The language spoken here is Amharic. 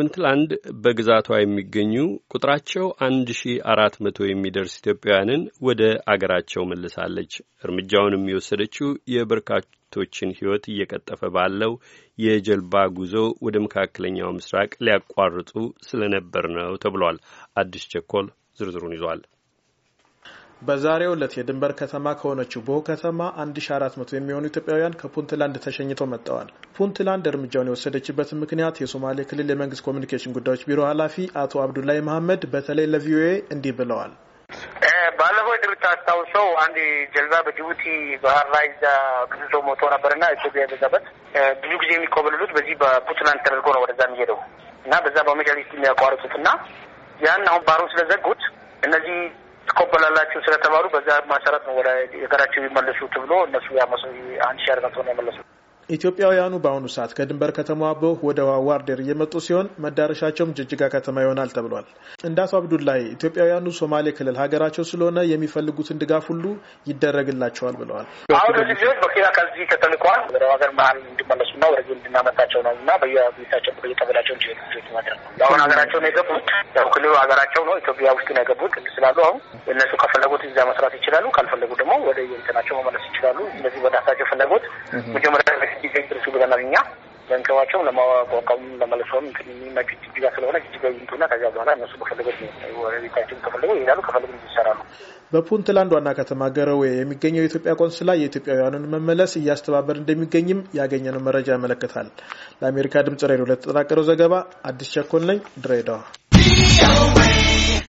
ፑንትላንድ በግዛቷ የሚገኙ ቁጥራቸው አንድ ሺ አራት መቶ የሚደርስ ኢትዮጵያውያንን ወደ አገራቸው መልሳለች። እርምጃውንም የወሰደችው የበርካቶችን ሕይወት እየቀጠፈ ባለው የጀልባ ጉዞ ወደ መካከለኛው ምስራቅ ሊያቋርጡ ስለነበር ነው ተብሏል። አዲስ ቸኮል ዝርዝሩን ይዟል። በዛሬው ዕለት የድንበር ከተማ ከሆነችው ቦሆ ከተማ 1400 የሚሆኑ ኢትዮጵያውያን ከፑንትላንድ ተሸኝተው መጥተዋል። ፑንትላንድ እርምጃውን የወሰደችበትን ምክንያት የሶማሌ ክልል የመንግስት ኮሚኒኬሽን ጉዳዮች ቢሮ ኃላፊ አቶ አብዱላይ መሐመድ በተለይ ለቪኦኤ እንዲህ ብለዋል። ባለፈው እንደምታስታውሰው አንድ ጀልባ በጅቡቲ ባህር ላይ እዛ ግዝቶ ሞቶ ነበርና ኢትዮጵያ የገዛበት ብዙ ጊዜ የሚኮበልሉት በዚህ በፑንትላንድ ተደርጎ ነው ወደዛ የሚሄደው እና በዛ በሜዳሊስት የሚያቋርጡት እና ያን አሁን ባህሩን ስለዘጉት እነዚህ ትቆበላላችሁ ስለተባሉ በዛ መሰረት ነው ወደ ሀገራቸው ይመለሱ ተብሎ እነሱ ያመሰ አንድ ሺ አርጋቶ ነው የመለሱት። ኢትዮጵያውያኑ በአሁኑ ሰዓት ከድንበር ከተማ አበው ወደ ዋዋርዴር እየመጡ ሲሆን መዳረሻቸውም ጅጅጋ ከተማ ይሆናል ተብሏል። እንደ አቶ አብዱላሂ ኢትዮጵያውያኑ ሶማሌ ክልል ሀገራቸው ስለሆነ የሚፈልጉትን ድጋፍ ሁሉ ይደረግላቸዋል ብለዋል። አሁን ልጆች በኪራ ከዚህ ከተልኳል ወደ ሀገር መሀል እንዲመለሱና ወደ እንድናመጣቸው ነው እና በየቤታቸው በየቀበላቸው ማድረግ ነው። አሁን ሀገራቸው ነው የገቡት። ያው ክልሉ ሀገራቸው ነው ኢትዮጵያ ውስጥ ነው የገቡት ስላሉ አሁን እነሱ ከፈለጉት እዛ መስራት ይችላሉ። ካልፈለጉ ደግሞ ወደ የንትናቸው መመለስ ይችላሉ። እነዚህ ወደ ራሳቸው ፍላጎት መጀመሪያ ጊዜ ድረስ ብለናል እኛ ለእንከባቸው ለማቋቋም ለመለሰውም የሚመች ጅጅጋ ስለሆነ ጅጅጋ ይንቱና ከዚያ በኋላ እነሱ በፈለገ ቤታቸው ከፈለጉ ይሄዳሉ፣ ከፈለጉ ይሰራሉ። በፑንትላንድ ዋና ከተማ ገረዌ የሚገኘው የኢትዮጵያ ቆንስላ የኢትዮጵያውያኑን መመለስ እያስተባበር እንደሚገኝም ያገኘነው መረጃ ያመለክታል። ለአሜሪካ ድምጽ ሬዲዮ ለተጠናቀረው ዘገባ አዲስ ቸኮን ነኝ ድሬዳዋ